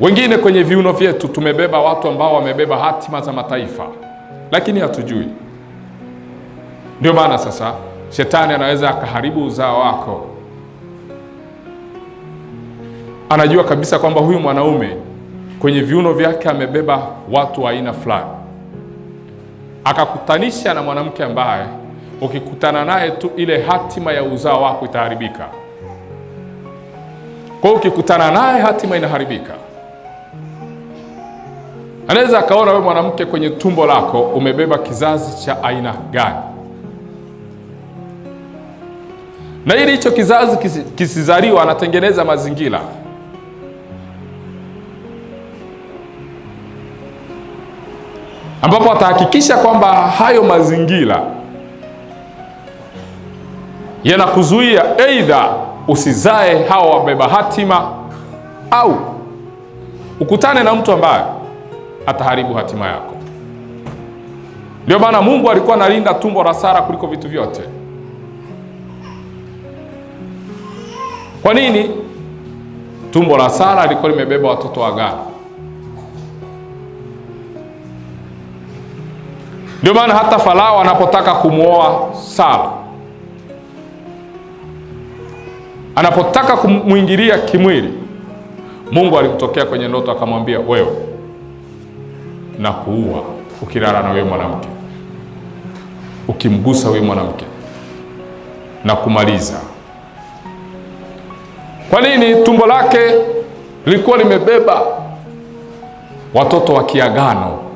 Wengine kwenye viuno vyetu tumebeba watu ambao wamebeba hatima za mataifa, lakini hatujui. Ndio maana sasa shetani anaweza akaharibu uzao wako. Anajua kabisa kwamba huyu mwanaume kwenye viuno vyake amebeba watu wa aina fulani, akakutanisha na mwanamke ambaye ukikutana naye tu ile hatima ya uzao wako itaharibika. Kwa hiyo ukikutana naye hatima inaharibika. Anaweza akaona wewe mwanamke, kwenye tumbo lako umebeba kizazi cha aina gani, na ili hicho kizazi kisizaliwa, anatengeneza mazingira ambapo atahakikisha kwamba hayo mazingira yanakuzuia aidha usizae hawa wabeba hatima au ukutane na mtu ambaye ataharibu hatima yako. Ndio maana Mungu alikuwa analinda tumbo la Sara kuliko vitu vyote. Kwa nini? Tumbo la Sara lilikuwa limebeba watoto wa Agano. Ndio maana hata Farao anapotaka kumwoa Sara, anapotaka kumwingilia kimwili, Mungu alimtokea kwenye ndoto akamwambia, wewe na kuua ukilala na wewe mwanamke, ukimgusa wewe mwanamke na kumaliza. Kwa nini? Tumbo lake lilikuwa limebeba watoto wa kiagano